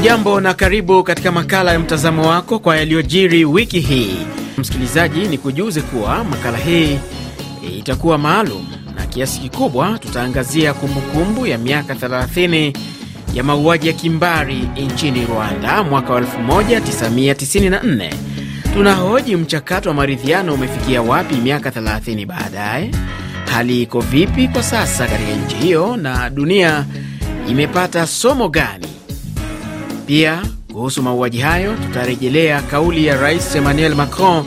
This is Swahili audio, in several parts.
Ujambo na karibu katika makala ya mtazamo wako kwa yaliyojiri wiki hii. Msikilizaji, ni kujuze kuwa makala hii itakuwa maalum na kiasi kikubwa tutaangazia kumbukumbu kumbu ya miaka 30 ya mauaji ya kimbari nchini Rwanda mwaka 1994. Tunahoji mchakato wa maridhiano umefikia wapi miaka 30 baadaye, hali iko vipi kwa sasa katika nchi hiyo, na dunia imepata somo gani pia kuhusu mauaji hayo, tutarejelea kauli ya Rais Emmanuel Macron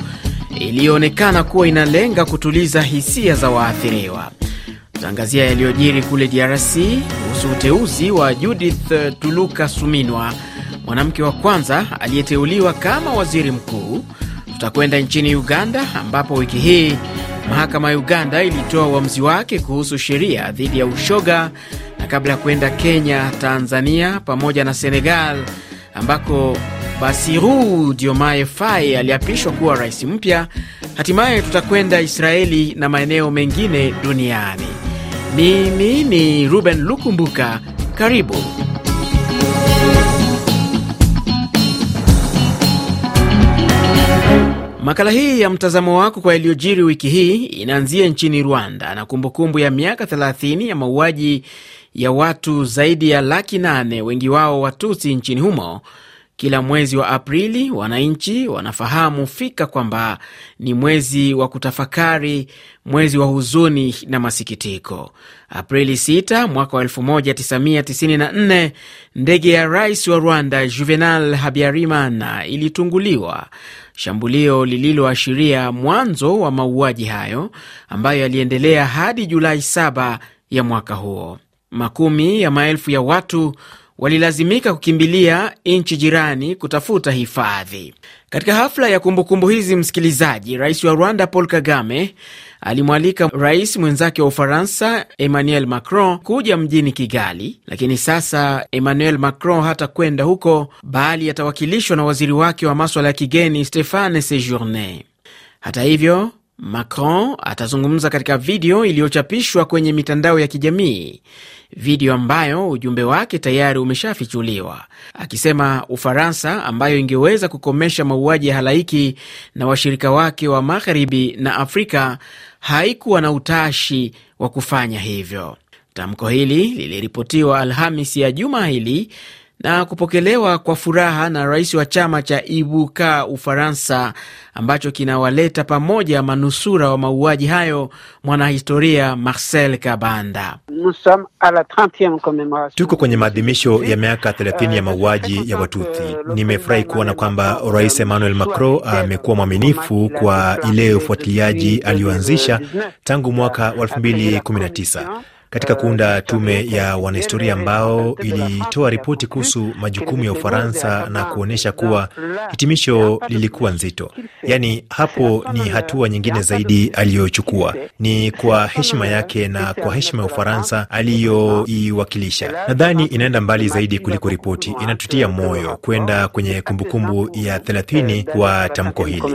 iliyoonekana kuwa inalenga kutuliza hisia za waathiriwa. Tutaangazia yaliyojiri kule DRC kuhusu uteuzi wa Judith Tuluka Suminwa, mwanamke wa kwanza aliyeteuliwa kama waziri mkuu. Tutakwenda nchini Uganda ambapo wiki hii mahakama ya Uganda ilitoa uamuzi wake kuhusu sheria dhidi ya ushoga na kabla ya kuenda Kenya, Tanzania pamoja na Senegal ambako Bassirou Diomaye Faye aliapishwa kuwa rais mpya. Hatimaye tutakwenda Israeli na maeneo mengine duniani. Mimi ni Ruben Lukumbuka, karibu. Makala hii ya mtazamo wako kwa yaliyojiri wiki hii inaanzia nchini Rwanda na kumbukumbu ya miaka 30 ya mauaji ya watu zaidi ya laki nane, wengi wao Watusi nchini humo. Kila mwezi wa Aprili wananchi wanafahamu fika kwamba ni mwezi wa kutafakari, mwezi wa huzuni na masikitiko. Aprili 6 mwaka wa 1994 ndege ya rais wa Rwanda Juvenal Habyarimana ilitunguliwa, shambulio lililoashiria mwanzo wa mauaji hayo ambayo yaliendelea hadi Julai 7 ya mwaka huo. Makumi ya maelfu ya watu walilazimika kukimbilia nchi jirani kutafuta hifadhi. Katika hafla ya kumbukumbu hizi, msikilizaji, rais wa Rwanda Paul Kagame alimwalika rais mwenzake wa Ufaransa Emmanuel Macron kuja mjini Kigali, lakini sasa Emmanuel Macron hata kwenda huko, bali atawakilishwa na waziri wake wa maswala ya kigeni Stephane Sejourne. Hata hivyo Macron atazungumza katika video iliyochapishwa kwenye mitandao ya kijamii, video ambayo ujumbe wake tayari umeshafichuliwa, akisema Ufaransa ambayo ingeweza kukomesha mauaji ya halaiki na washirika wake wa magharibi na Afrika haikuwa na utashi wa kufanya hivyo. Tamko hili liliripotiwa Alhamis ya juma hili na kupokelewa kwa furaha na rais wa chama cha Ibuka Ufaransa ambacho kinawaleta pamoja manusura wa mauaji hayo, mwanahistoria Marcel Kabanda. Tuko kwenye maadhimisho ya miaka 30 ya euh, mauaji ya Watuthi. Nimefurahi kuona kwamba Rais Emmanuel Macron amekuwa mwaminifu kwa ile ufuatiliaji aliyoanzisha tangu mwaka wa 2019 katika kuunda tume ya wanahistoria ambao ilitoa ripoti kuhusu majukumu ya Ufaransa na kuonyesha kuwa hitimisho lilikuwa nzito. Yaani, hapo ni hatua nyingine zaidi aliyochukua. Ni kwa heshima yake na kwa heshima ya Ufaransa aliyoiwakilisha. Nadhani inaenda mbali zaidi kuliko ripoti, inatutia moyo kwenda kwenye kumbukumbu ya thelathini kwa tamko hili.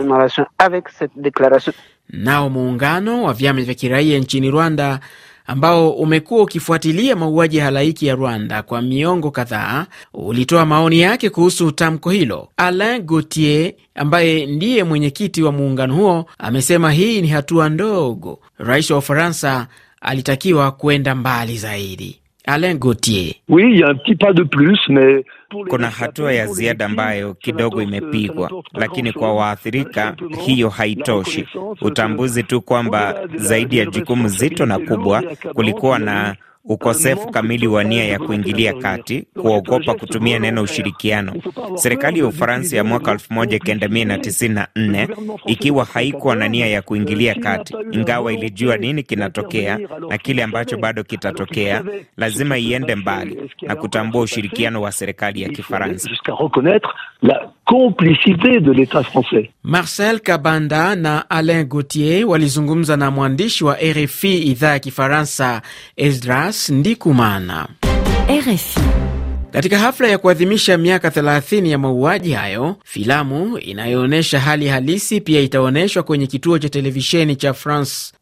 Nao muungano wa vyama vya kiraia nchini Rwanda ambao umekuwa ukifuatilia mauaji halaiki ya Rwanda kwa miongo kadhaa ulitoa maoni yake kuhusu tamko hilo. Alain Gautier ambaye ndiye mwenyekiti wa muungano huo amesema hii ni hatua ndogo. Rais wa Ufaransa alitakiwa kwenda mbali zaidi. Alain Gautier: Oui, il y a un petit pas de plus mais kuna hatua ya ziada ambayo kidogo imepigwa, lakini kwa waathirika hiyo haitoshi. Utambuzi tu kwamba zaidi ya jukumu zito na kubwa kulikuwa na ukosefu kamili wa nia ya kuingilia kati, kuogopa kutumia neno ushirikiano. Serikali ya Ufaransa ya mwaka 1994 ikiwa haikuwa na nia ya kuingilia kati, ingawa ilijua nini kinatokea na kile ambacho bado kitatokea, lazima iende mbali na kutambua ushirikiano wa serikali ya Kifaransa complicité de l'État français. Marcel Kabanda na Alain Gauthier walizungumza na mwandishi wa RFI idhaa ya Kifaransa Esdras Ndikumana. RFI. Katika hafla ya kuadhimisha miaka 30 ya mauaji hayo, filamu inayoonyesha hali halisi pia itaonyeshwa kwenye kituo cha televisheni cha France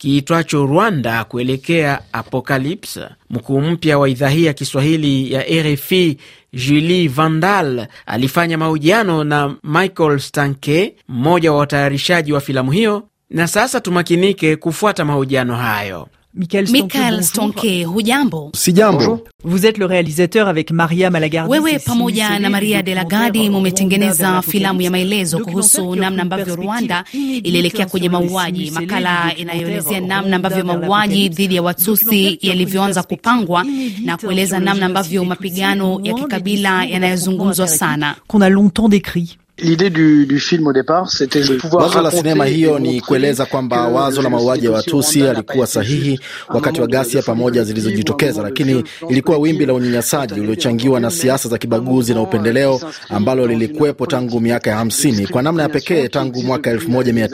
kiitwacho Rwanda kuelekea Apocalypse. Mkuu mpya wa idhaa hii ya Kiswahili ya RFI Julie Vandal alifanya mahojiano na Michael Stanke, mmoja wa watayarishaji wa filamu hiyo, na sasa tumakinike kufuata mahojiano hayo. Michael Stonke, Michael Stonke hujambo? Sijambo. Vous êtes le réalisateur avec Maria Malagardi. Wewe pamoja na Maria De la Lagadi mumetengeneza filamu ya maelezo kuhusu namna ambavyo Rwanda ilielekea kwenye mauaji, makala inayoelezea namna ambavyo mauaji dhidi ya Watusi yalivyoanza kupangwa na kueleza namna ambavyo mapigano ya kikabila yanayozungumzwa sana qu'on a longtemps décrit L'idée du, du film au départ c'était wazo la sinema hiyo ni kueleza kwamba wazo la mauaji ya Watusi alikuwa sahihi wakati wa ghasia pamoja zilizojitokeza, lakini ilikuwa wimbi la unyanyasaji uliochangiwa na siasa za kibaguzi na upendeleo ambalo lilikuwepo tangu miaka ya hamsini kwa namna ya pekee tangu mwaka mia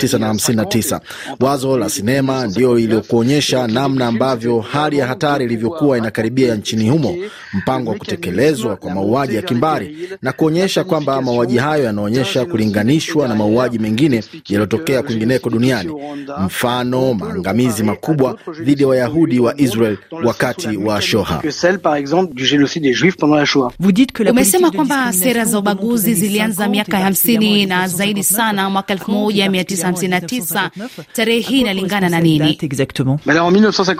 na tisa. Wazo la sinema ndiyo iliyokuonyesha namna ambavyo hali ya hatari ilivyokuwa inakaribia nchini humo, mpango wa kutekelezwa kwa mauaji ya kimbari na kuonyesha kwamba mauaji hayo yanaonyesha inaonyesha kulinganishwa na mauaji mengine yaliyotokea kwingineko duniani, mfano maangamizi makubwa dhidi ya Wayahudi wa Israel wakati wa Shoha. Umesema kwamba sera za ubaguzi zilianza miaka hamsini na zaidi sana mwaka tisa. Tarehe hii inalingana na nini?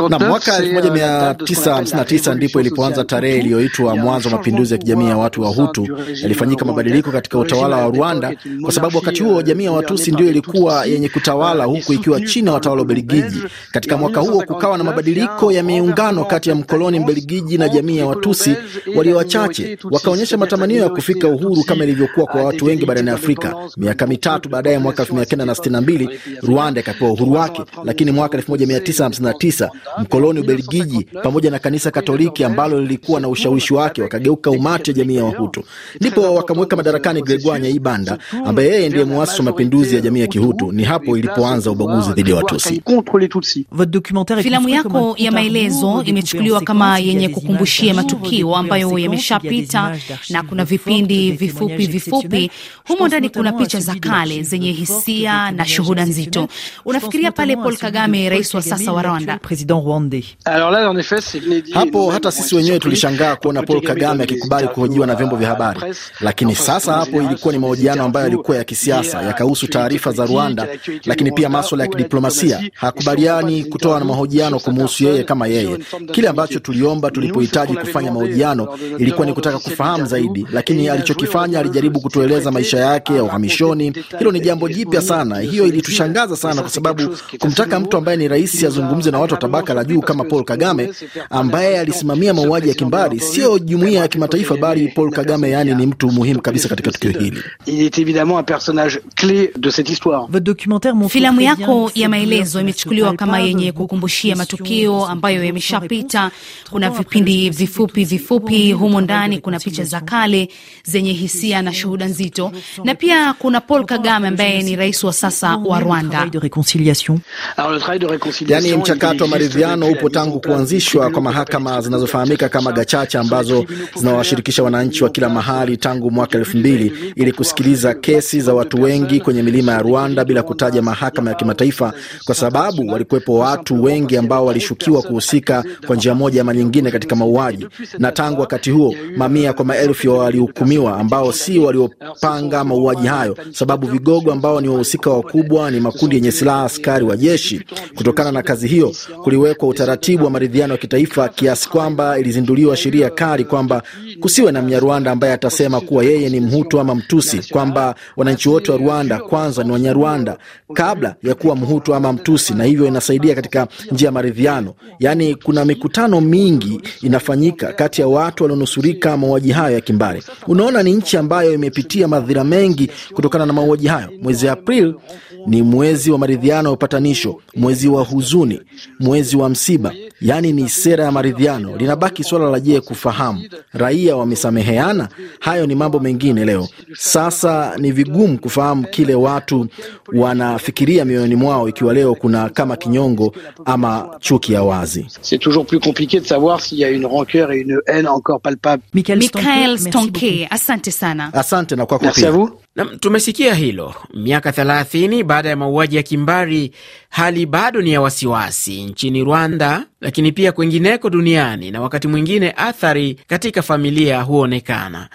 Na mwaka euh, tisa ndipo ilipoanza tarehe iliyoitwa mwanzo wa mapinduzi ya kijamii ya watu wa Hutu. Yalifanyika mabadiliko katika utawala wa Rwanda, kwa sababu wakati huo jamii ya Watusi ndio ilikuwa yenye kutawala, huku ikiwa China watawala Ubelgiji. Katika yaani mwaka huo kukawa na mabadiliko ya miungano yaani kati ya mkoloni belgiji na jamii ya Watusi yaani walio wachache, wakaonyesha matamanio ya kufika uhuru kama ilivyokuwa kwa watu wengi barani Afrika. Miaka mitatu baadaye, mwaka 1962 Rwanda ikapewa uhuru wake, lakini mwaka 1959 mkoloni Ubelgiji pamoja na kanisa Katoliki ambalo lilikuwa na ushawishi wake wakageuka umati wa jamii ya Wahutu, ndipo wakamweka madarakani Gregoire Nyaiba Rwanda, ambaye yeye ndiye mwasisi wa mapinduzi ya jamii ya Kihutu. Ni hapo ilipoanza ubaguzi dhidi ya Watusi. Filamu yako ya maelezo imechukuliwa kama yenye kukumbushia matukio ambayo yameshapita, na kuna vipindi vifupi vifupi humo ndani, kuna picha za kale zenye hisia na shuhuda nzito. Unafikiria pale Paul Kagame, rais wa sasa wa Rwanda. Hapo hata sisi wenyewe tulishangaa kuona Paul Kagame akikubali kuhojiwa na euh, vyombo vya habari, lakini sasa hapo ilikuwa ni mahojiano ambayo yalikuwa ya kisiasa yakahusu taarifa za Rwanda, lakini pia maswala ya kidiplomasia. Hakubaliani kutoa na mahojiano kumuhusu yeye kama yeye. Kile ambacho tuliomba tulipohitaji kufanya mahojiano ilikuwa ni kutaka kufahamu zaidi, lakini alichokifanya alijaribu kutueleza maisha yake ya uhamishoni. Hilo ni jambo jipya sana, hiyo ilitushangaza sana, kwa sababu kumtaka mtu ambaye ni rais azungumze na watu wa tabaka la juu kama Paul Kagame ambaye alisimamia mauaji ya kimbari, sio jumuiya ya kimataifa, bali Paul Kagame, yaani ni mtu muhimu kabisa katika tukio hili il est évidemment un personnage clé de cette histoire. Filamu yako ya maelezo imechukuliwa kama yenye kukumbushia matukio ambayo yameshapita. Kuna vipindi vifupi vifupi humo ndani, kuna picha za kale zenye hisia na shuhuda nzito, na pia kuna Paul Kagame ambaye ni rais wa sasa wa Rwanda. Yaani, mchakato wa maridhiano upo tangu kuanzishwa kwa mahakama zinazofahamika kama gachacha ambazo zinawashirikisha wananchi wa kila mahali tangu mwaka elfu mbili ili kusikiliza kesi za watu wengi kwenye milima ya Rwanda bila kutaja mahakama ya kimataifa, kwa sababu walikuwepo watu wengi ambao walishukiwa kuhusika kwa njia moja ama nyingine katika mauaji, na tangu wakati huo mamia kwa maelfu ya walihukumiwa ambao si waliopanga mauaji hayo, sababu vigogo ambao ni wahusika wakubwa ni makundi yenye silaha, askari wa jeshi. Kutokana na kazi hiyo, kuliwekwa utaratibu wa maridhiano ya kitaifa kiasi kwamba ilizinduliwa sheria kali kwamba kusiwe na Mnyarwanda ambaye atasema kuwa yeye ni Mhutu ama Mtusi, kwamba wananchi wote wa Rwanda kwanza ni Wanyarwanda kabla ya kuwa Mhutu ama Mtusi, na hivyo inasaidia katika njia ya maridhiano. Yaani kuna mikutano mingi inafanyika kati ya watu walionusurika mauaji hayo ya kimbari. Unaona, ni nchi ambayo imepitia madhira mengi kutokana na mauaji hayo. Mwezi Aprili ni mwezi wa maridhiano ya upatanisho, mwezi wa huzuni, mwezi wa msiba, yaani ni sera ya maridhiano. Linabaki swala la je, kufahamu raia wamesameheana? Hayo ni mambo mengine leo sasa sasa ni vigumu kufahamu kile watu wanafikiria mioyoni mwao, ikiwa leo kuna kama kinyongo ama chuki ya wazi. Michael Stonke, asante sana. Asante na kwako pia. Na tumesikia hilo. Miaka 30 baada ya mauaji ya kimbari, hali bado ni ya wasiwasi nchini Rwanda, lakini pia kwengineko duniani, na wakati mwingine athari katika familia huonekana.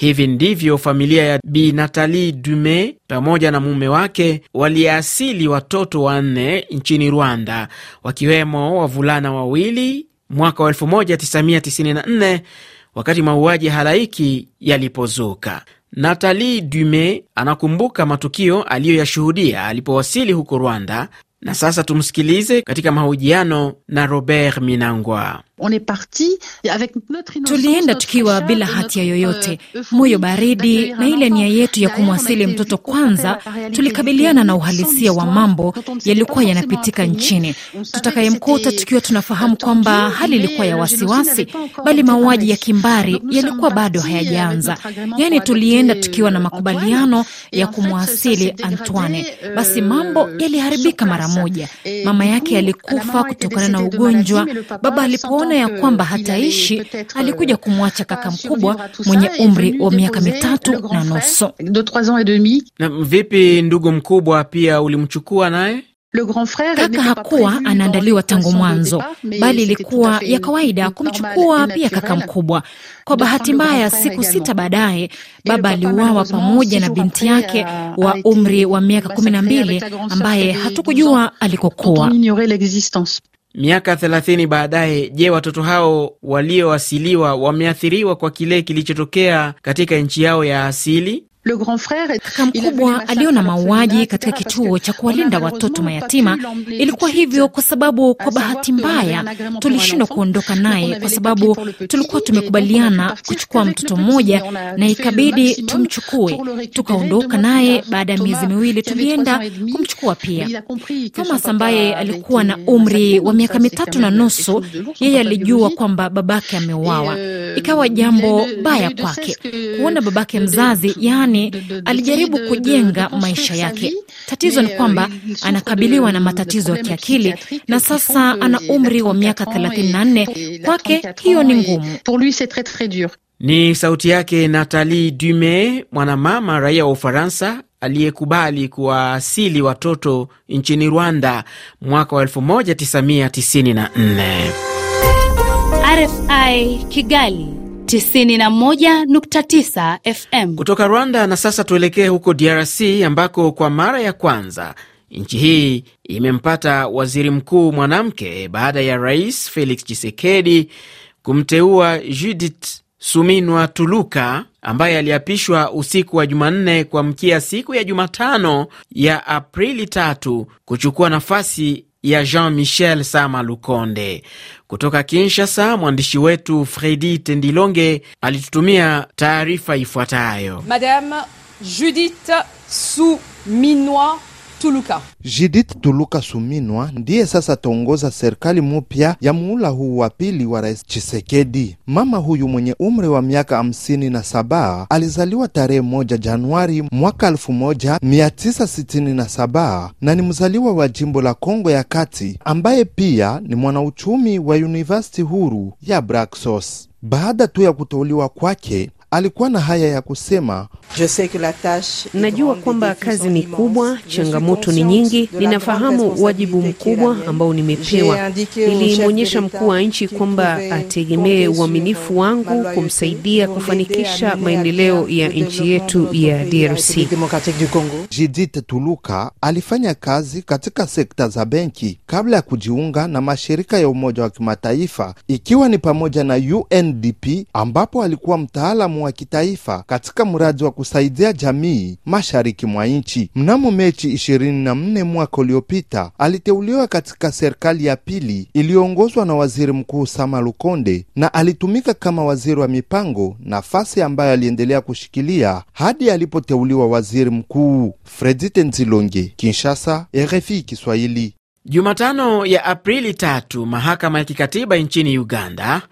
Hivi ndivyo familia ya Bi Natali Dume pamoja na mume wake waliasili watoto wanne nchini Rwanda, wakiwemo wavulana wawili mwaka wa 1994 wakati mauaji halaiki yalipozuka. Natali Dume anakumbuka matukio aliyoyashuhudia alipowasili huko Rwanda, na sasa tumsikilize katika mahojiano na Robert Minangwa. Tulienda tukiwa bila hatia yoyote, euh, moyo baridi na ile nia yetu ya kumwasili mtoto kwanza. Tulikabiliana na uhalisia wa mambo yaliyokuwa yanapitika nchini, tutakayemkuta tukiwa tunafahamu kwamba hali ilikuwa ya euh, wasiwasi, bali mauaji ya kimbari yalikuwa bado euh, hayajaanza. Yaani tulienda tukiwa na makubaliano ya kumwasili Antoine, basi mambo yaliharibika mara moja. Mama yake alikufa kutokana na ugonjwa, baba alipoona maana ya kwamba hataishi, alikuja euh, kumwacha kaka mkubwa mwenye umri wa miaka mitatu na nusu. Na vipi ndugu mkubwa pia ulimchukua naye? Kaka hakuwa anaandaliwa tangu mwanzo, bali ilikuwa ya kawaida kumchukua pia kaka mkubwa. Kwa bahati mbaya, siku sita baadaye baba aliuawa pamoja na binti yake wa umri wa miaka kumi na mbili ambaye hatukujua alikokuwa. Miaka 30 baadaye, je, watoto hao walioasiliwa wameathiriwa kwa kile kilichotokea katika nchi yao ya asili? Mkubwa aliona mauaji katika kituo cha kuwalinda watoto mayatima. Ilikuwa hivyo kwa sababu, kwa bahati mbaya, tulishindwa kuondoka naye, kwa sababu tulikuwa tumekubaliana kuchukua mtoto mmoja, na ikabidi tumchukue. Tukaondoka naye baada ya miezi miwili, tulienda kumchukua pia Thomas ambaye alikuwa na umri wa miaka mitatu na nusu. Yeye alijua kwamba babake ameuawa, euh, ikawa jambo baya kwake kuona babake mzazi, yaani alijaribu kujenga maisha yake. Tatizo ni kwamba anakabiliwa na matatizo ya kiakili na sasa ana umri wa miaka 34. Kwake hiyo ni ngumu. Ni sauti yake natalie Dume, mwanamama raia wa Ufaransa aliyekubali kuwaasili watoto nchini Rwanda mwaka wa 1994. RFI Kigali 91.9 FM kutoka Rwanda. Na sasa tuelekee huko DRC ambako kwa mara ya kwanza nchi hii imempata waziri mkuu mwanamke baada ya Rais Felix Tshisekedi kumteua Judith Suminwa Tuluka ambaye aliapishwa usiku wa Jumanne kuamkia siku ya Jumatano ya Aprili tatu kuchukua nafasi ya Jean Michel Sama Lukonde. Kutoka Kinshasa, mwandishi wetu Fredi Tendilonge alitutumia taarifa ifuatayo. Madame Judith Suminois Tuluka. Judith Tuluka Suminwa ndiye sasa ataongoza serikali mupya ya muula huu wa pili wa Rais Chisekedi. Mama huyu mwenye umri wa miaka hamsini na saba alizaliwa tarehe moja Januari mwaka elfu moja mia tisa sitini na saba na ni mzaliwa wa jimbo la Kongo ya Kati ambaye pia ni mwanauchumi wa University huru ya Braxos. Baada tu ya kuteuliwa kwake alikuwa na haya ya kusema: najua kwamba kazi ni kubwa, changamoto ni nyingi, ninafahamu wajibu mkubwa ambao nimepewa. Nilimwonyesha mkuu wa nchi kwamba ategemee uaminifu wangu kumsaidia kufanikisha maendeleo ya nchi yetu ya DRC. jidit Tuluka alifanya kazi katika sekta za benki kabla ya kujiunga na mashirika ya Umoja wa Kimataifa, ikiwa ni pamoja na UNDP ambapo alikuwa mtaalamu msimamo wa kitaifa katika mradi wa kusaidia jamii mashariki mwa nchi. Mnamo Mechi 24 mwaka uliopita, aliteuliwa katika serikali ya pili iliyoongozwa na Waziri Mkuu Sama Lukonde na alitumika kama waziri wa mipango, nafasi ambayo aliendelea kushikilia hadi alipoteuliwa waziri mkuu. Fredi Tenzilonge, Kinshasa, RFI Kiswahili. Jumatano ya Aprili tatu, mahakama ya kikatiba nchini Uganda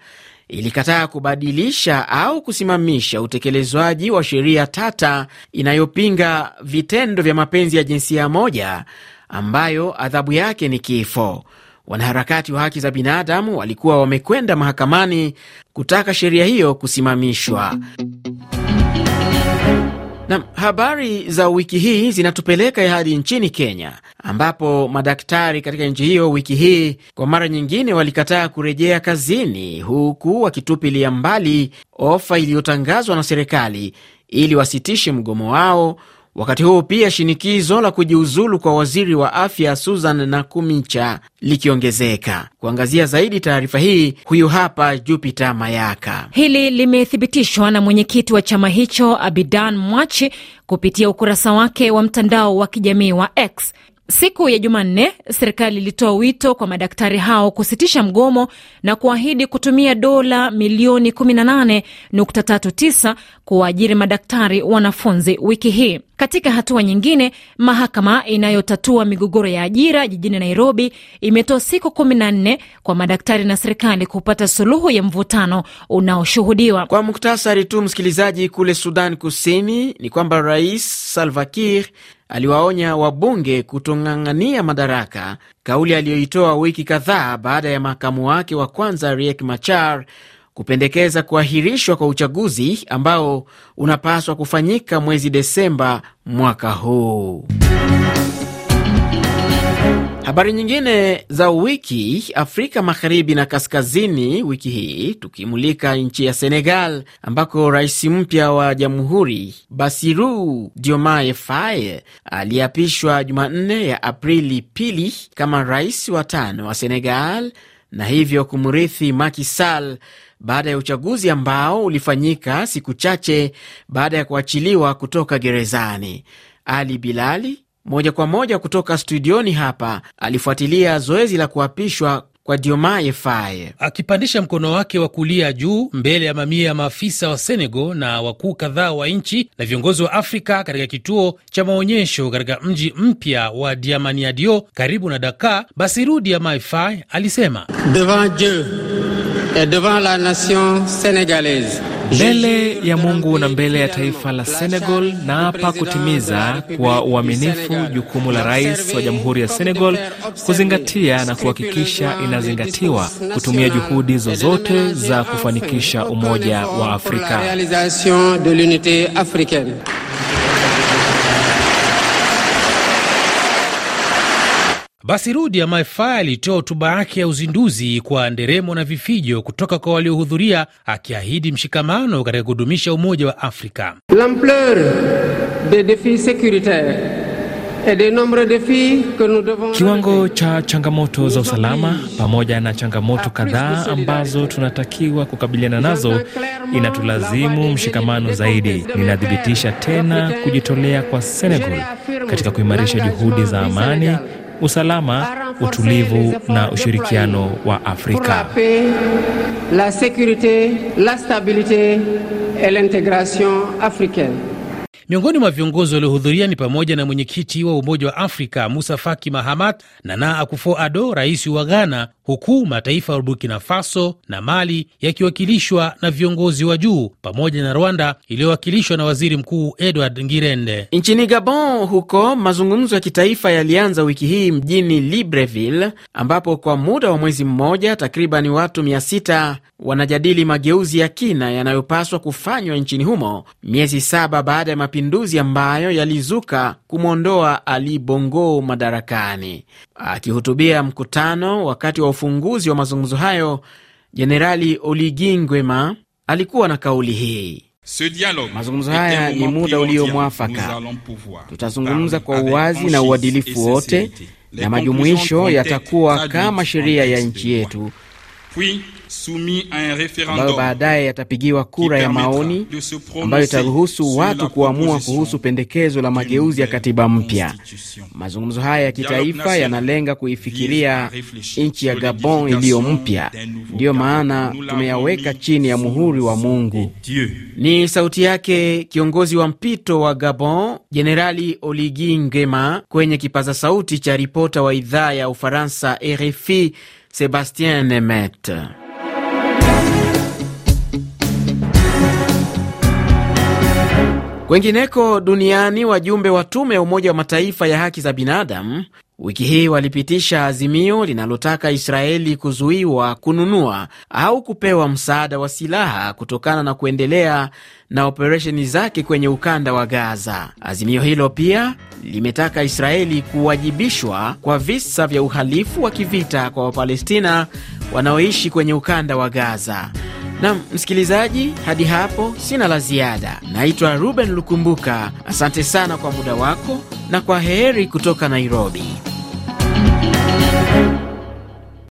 ilikataa kubadilisha au kusimamisha utekelezwaji wa sheria tata inayopinga vitendo vya mapenzi ya jinsia moja ambayo adhabu yake ni kifo. Wanaharakati wa haki za binadamu walikuwa wamekwenda mahakamani kutaka sheria hiyo kusimamishwa. Na habari za wiki hii zinatupeleka hadi nchini Kenya ambapo madaktari katika nchi hiyo wiki hii kwa mara nyingine walikataa kurejea kazini, huku wakitupilia mbali ofa iliyotangazwa na serikali ili wasitishe mgomo wao Wakati huu pia shinikizo la kujiuzulu kwa waziri wa afya Susan Nakumicha likiongezeka. Kuangazia zaidi taarifa hii, huyu hapa jupita Mayaka. Hili limethibitishwa na mwenyekiti wa chama hicho Abidan Mwachi kupitia ukurasa wake wa mtandao wa kijamii wa X Siku ya Jumanne, serikali ilitoa wito kwa madaktari hao kusitisha mgomo na kuahidi kutumia dola milioni 18.39 kuwaajiri madaktari wanafunzi wiki hii. Katika hatua nyingine, mahakama inayotatua migogoro ya ajira jijini Nairobi imetoa siku 14 kwa madaktari na serikali kupata suluhu ya mvutano unaoshuhudiwa. Kwa muktasari tu, msikilizaji, kule Sudan Kusini ni kwamba Rais Salva Kiir aliwaonya wabunge kutong'ang'ania madaraka, kauli aliyoitoa wiki kadhaa baada ya makamu wake wa kwanza Riek Machar kupendekeza kuahirishwa kwa uchaguzi ambao unapaswa kufanyika mwezi Desemba mwaka huu. Habari nyingine za wiki Afrika magharibi na kaskazini, wiki hii tukimulika nchi ya Senegal ambako rais mpya wa jamhuri Bassirou Diomaye Faye aliapishwa Jumanne ya Aprili pili kama rais wa tano wa Senegal na hivyo kumrithi Macky Sall baada ya uchaguzi ambao ulifanyika siku chache baada ya kuachiliwa kutoka gerezani. Ali Bilali moja kwa moja kutoka studioni hapa alifuatilia zoezi la kuapishwa kwa Diomaye Faye akipandisha mkono wake wa kulia juu mbele ya mamia ya maafisa wa Senegal na wakuu kadhaa wa nchi na viongozi wa Afrika katika kituo cha maonyesho katika mji mpya wa Diamaniadio karibu na Dakar. Bassirou Diomaye Faye alisema devant Dieu et devant la nation senegalaise mbele ya Mungu na mbele ya taifa la Senegal, na hapa kutimiza kwa uaminifu jukumu la rais wa jamhuri ya Senegal kuzingatia na kuhakikisha inazingatiwa, kutumia juhudi zozote za kufanikisha umoja wa Afrika. Basi Rudi Amaefaa alitoa hotuba yake ya uzinduzi kwa nderemo na vifijo kutoka kwa waliohudhuria, akiahidi mshikamano katika kudumisha umoja wa Afrika. l'ampleur des defis securitaires Kiwango cha changamoto za usalama pamoja na changamoto kadhaa ambazo tunatakiwa kukabiliana nazo inatulazimu mshikamano zaidi. Ninathibitisha tena kujitolea kwa Senegal katika kuimarisha juhudi za amani usalama, utulivu na ushirikiano wa Afrika. La securite, la stabilite et l'integration africaine. Miongoni mwa viongozi waliohudhuria ni pamoja na mwenyekiti wa Umoja wa Afrika Musa Faki Mahamat na Naa Akufo-Addo, rais wa Ghana, huku mataifa ya Burkina Faso na Mali yakiwakilishwa na viongozi wa juu pamoja na Rwanda iliyowakilishwa na waziri mkuu Edward Ngirende. Nchini Gabon huko, mazungumzo ya kitaifa yalianza wiki hii mjini Libreville, ambapo kwa muda wa mwezi mmoja takriban watu 600 wanajadili mageuzi ya kina yanayopaswa kufanywa nchini humo, miezi saba baada ya mapinduzi ambayo yalizuka kumwondoa Ali Bongo madarakani. Akihutubia mkutano wakati wa ufunguzi wa mazungumzo hayo, Jenerali oligi Nguema alikuwa na kauli hii: mazungumzo haya ni muda ulio mwafaka, tutazungumza kwa uwazi na uadilifu wote, na majumuisho yatakuwa kama sheria ya nchi yetu ambayo baadaye yatapigiwa kura ya maoni ambayo itaruhusu watu kuamua kuhusu pendekezo la mageuzi ya katiba mpya. Mazungumzo haya ya kitaifa yanalenga kuifikiria nchi ya Gabon iliyo mpya, ndiyo maana tumeyaweka chini ya muhuri wa Mungu. Ni sauti yake kiongozi wa mpito wa Gabon, Jenerali Oligi Ngema, kwenye kipaza sauti cha ripota wa idhaa ya Ufaransa RFI Sébastien Nemeth Kwengineko duniani wajumbe wa tume ya Umoja wa Mataifa ya haki za binadamu wiki hii walipitisha azimio linalotaka Israeli kuzuiwa kununua au kupewa msaada wa silaha kutokana na kuendelea na operesheni zake kwenye ukanda wa Gaza. Azimio hilo pia limetaka Israeli kuwajibishwa kwa visa vya uhalifu wa kivita kwa Wapalestina wanaoishi kwenye ukanda wa Gaza. Na msikilizaji, hadi hapo sina la ziada. Naitwa Ruben Lukumbuka, asante sana kwa muda wako na kwa heri kutoka Nairobi.